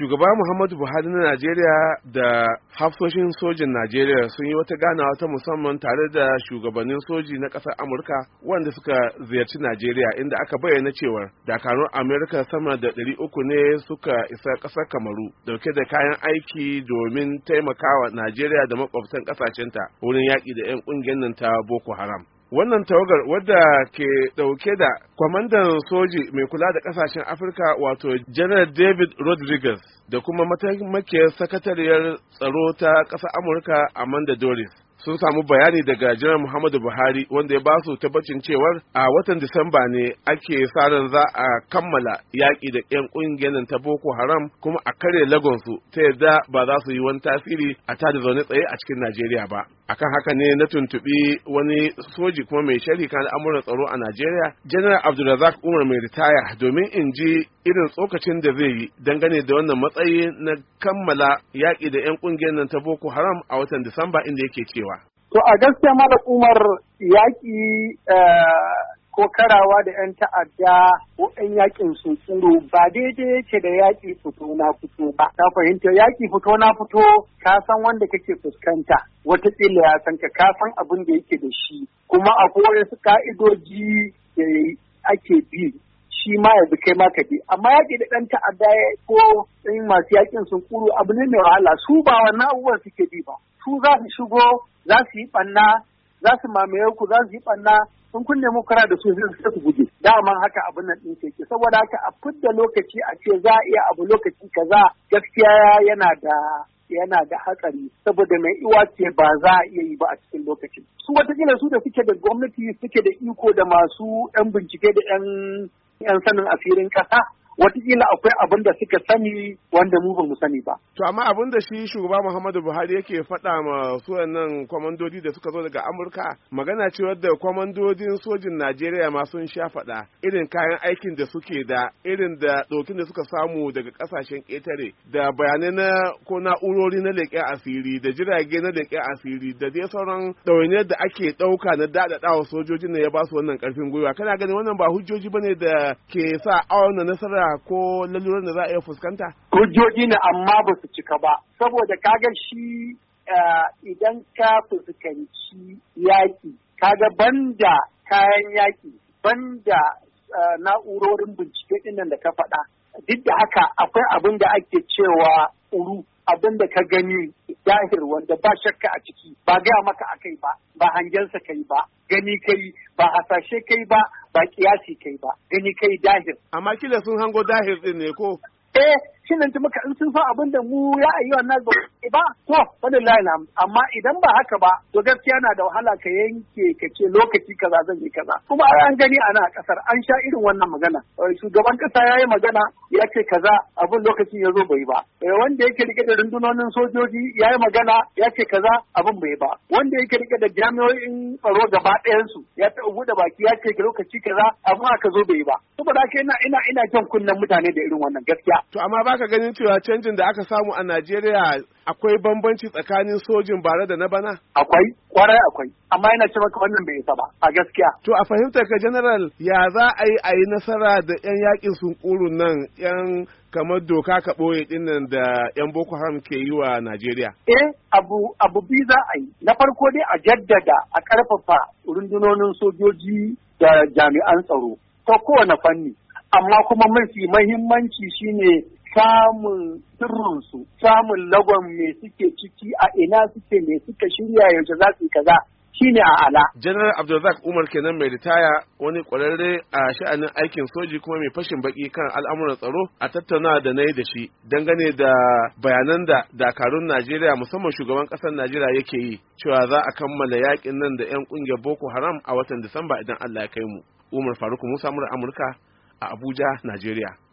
shugaba muhammadu buhari na najeriya da hafsoshin sojin najeriya sun yi wata ganawa ta musamman tare da shugabannin soji na ƙasar amurka wanda suka ziyarci najeriya inda aka bayyana cewar dakarun amurka sama da ɗari uku ne suka isa ƙasar kamaru dauke da kayan aiki domin taimakawa najeriya da makwabtan ƙasashenta wurin yaƙi da 'yan ƙungiyar nan ta boko haram wannan tawagar wadda ke dauke da kwamandan soji mai kula da kasashen afirka wato general david rodriguez da kuma mataimakiyar sakatariyar tsaro ta ƙasar amurka amanda doris sun samu bayani daga jiran Muhammadu Buhari wanda ya ba su tabbacin cewar a watan Disamba ne ake sa za a kammala yaƙi da 'yan ƙungiyar ta Boko Haram kuma a kare lagonsu ta yadda ba za su yi wani tasiri a ta-da zaune tsaye a cikin Najeriya ba. akan haka ne na tuntuɓi wani soji kuma mai shari kan al'amuran tsaro a Najeriya, General Abdulrazak Umar mai ritaya domin in ji irin tsokacin da zai yi dangane da wannan matsayi na kammala yaƙi da 'yan ƙungiyar ta Boko Haram a watan Disamba inda yake cewa. To a gaskiya Malam Umar yaƙi eh, ko karawa da 'yan ta'adda ko 'yan yaƙin su ba daidai yake da yaƙi fito na fito ba. Ka fahimta yaƙi fito na fito ka san wanda kake fuskanta wataƙila ya san ka ka san abin da yake da shi kuma akwai wasu ka'idoji da ake bi shi ma yanzu kai ma ka bi amma yaƙi da ɗan ta'adda ko ɗan masu yaƙin sun abu ne mai wahala su ba wannan abubuwan suke bi ba su za su shigo za su yi ɓanna za su mamaye ku za su yi ɓanna sun kunne mu kara da su sai su guje daman haka abin nan ɗin ke saboda haka a fidda lokaci a ce za a iya abu lokaci kaza gaskiya yana da yana da hatsari saboda mai iwa ce ba za a iya yi ba a cikin lokacin su watakila su da suke da gwamnati suke da iko da masu 'yan bincike da 'yan sanin asirin ƙasa watakila akwai abin da suka sani wanda mu ba mu sani ba. To amma abin da shi shugaba Muhammadu Buhari yake faɗa ma su nan kwamandodi da suka zo daga Amurka magana ce da kwamandodin sojin Najeriya ma sun sha faɗa irin kayan aikin da suke da irin da ɗokin da suka samu daga ƙasashen ƙetare da bayanai na ko na'urori na leƙen asiri da jirage na leƙen asiri da dai sauran ɗawainiyar da ake ɗauka na daɗaɗawa sojojin ne ya ba su wannan ƙarfin gwiwa kana ganin wannan ba hujjoji bane da ke sa auna nasara ko laluran da za a iya fuskanta? Hujjoji ne amma ba su cika ba, saboda kaga shi eh, idan ka fuskanci yaƙi, kaga banda kayan yaƙi, banda eh, na'urorin bincike ɗinnan da ka faɗa. Duk da haka akwai abin da ake cewa uru abin da ka gani jahir wanda ba shakka a ciki ba gaya maka a kai ba ba hangensa kai ba gani kai ba hasashe kai ba ba kiyasi kai ba gani kai dahir amma kila sun hango dahir din ne ko eh shin nan muka in sun san abin da mu ya ayi wannan ba ba to wallahi na amma idan ba haka ba to gaskiya na da wahala ka yanke ka ce lokaci kaza zan yi kaza kuma an gani ana kasar an sha irin wannan magana eh, shugaban kasa yayi magana ya ce kaza abin lokaci ya zo bai ba eh, wanda yake rike da rundunonin sojoji yayi magana ya ce kaza abin bai ba wanda yake rike da jami'o'in tsaro gaba ɗayan su ya taɓa buɗe baki ya ce lokaci kaza amma aka zo bai ba saboda haka ina ina ina jan kunnen mutane da irin wannan gaskiya To amma baka ganin cewa canjin da aka samu a Najeriya akwai bambanci tsakanin sojin bara da na bana? Akwai, kwarai akwai, amma yana cewa wannan bai isa ba, a gaskiya. To a fahimtar ka general ya za a yi a yi nasara da 'yan yakin sunkurun nan 'yan kamar doka ka ɓoye ɗin nan da 'yan Boko Haram ke yi wa Najeriya? Eh, abu, abu biyu za a yi. Na farko dai a jaddada a ƙarfafa rundunonin sojoji da jami'an tsaro. ko kowane fanni amma kuma mafi mahimmanci shine samun sirrinsu samun lagon me suke ciki a ina suke me suka shirya yanzu za su yi kaza shine a ala. General Abdulrazak Umar kenan mai ritaya wani ƙwararre a sha'anin aikin soji kuma mai fashin baki kan al'amuran tsaro a tattauna da na yi da shi dangane da bayanan da dakarun Najeriya musamman shugaban ƙasar Najeriya yake yi cewa za a kammala yaƙin nan da 'yan ƙungiyar Boko Haram a watan Disamba idan Allah ya kai mu. Umar Faruk Musa Amurka a Abuja, Najeriya.